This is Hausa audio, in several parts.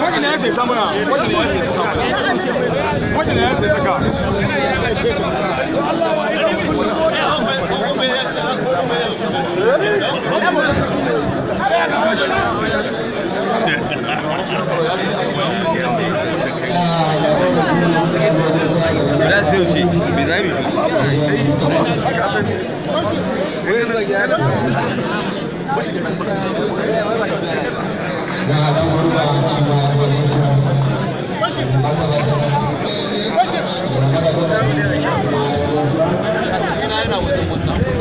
Wani ne ya ce samuna, wani Thank you.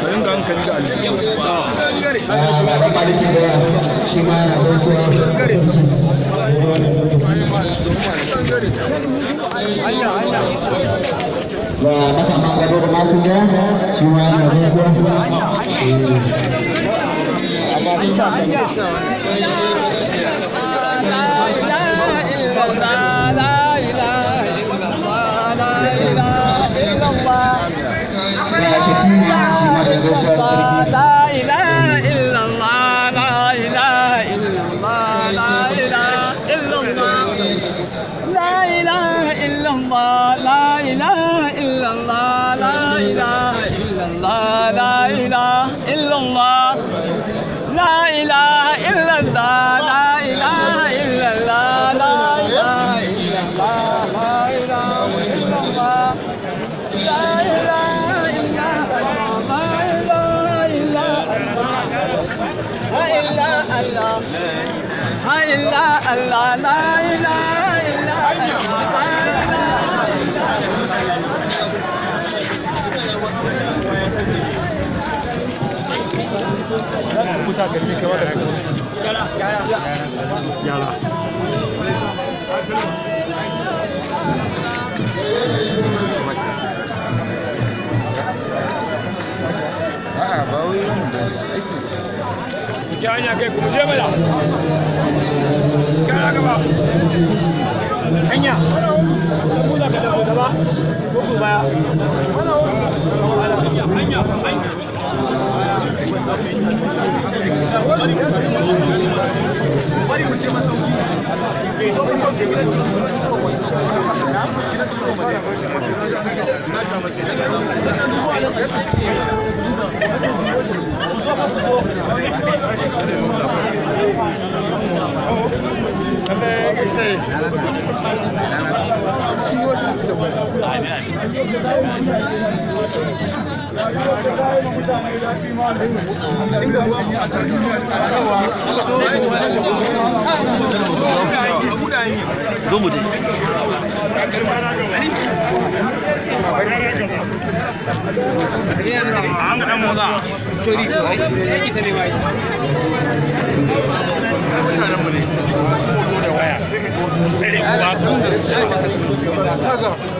ka ringa hankali da aljihu baban maliki da da da shi tuni shi ma za ka kuta ka yi kamar da ta yara a'a ba wai yin da aiki suke hanya kai kuma je mana kana gaba hanya da kula ka dawo gaba ko ku baya hanya hanya hanya bari mu ce masauki ke zo masauki gidan ciwo mai na sha maki da zo Mutanen mu ne. Sai ka ko sun tsere ba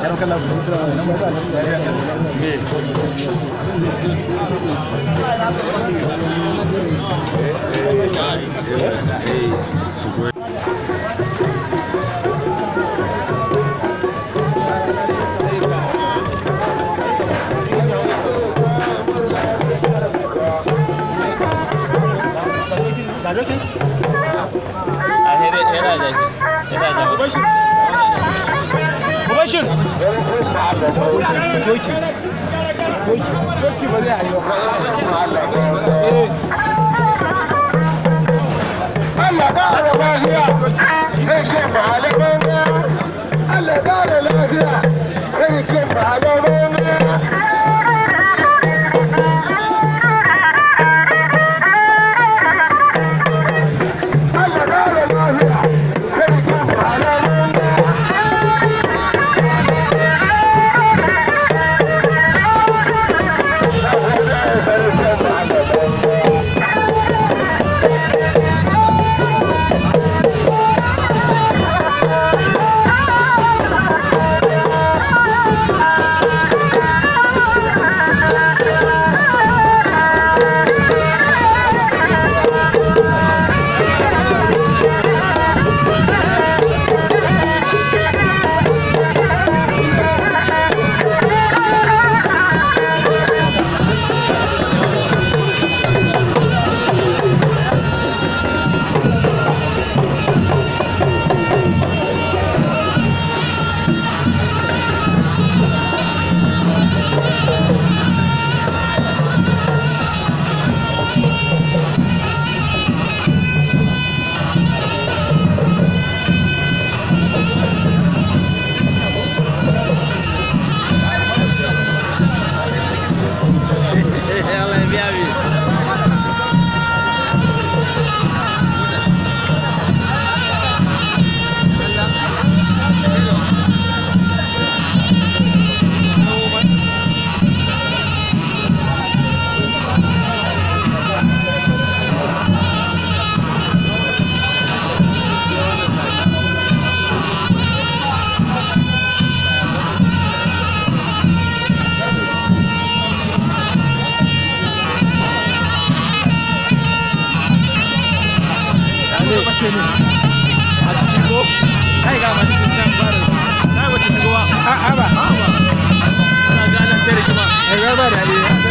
Era que las dos eran de la mujer, ¿no? Mubashir! Doki! Doki ba zai hayo ba. Allah ba a raba niya, zai ke ba alaman Allah ba da lafiya, zai ke wuce ne a ciki ko ai ga ma cikin can fara ai wata shigowa a'a ba a'a ba ana ga rikima ai ba da ne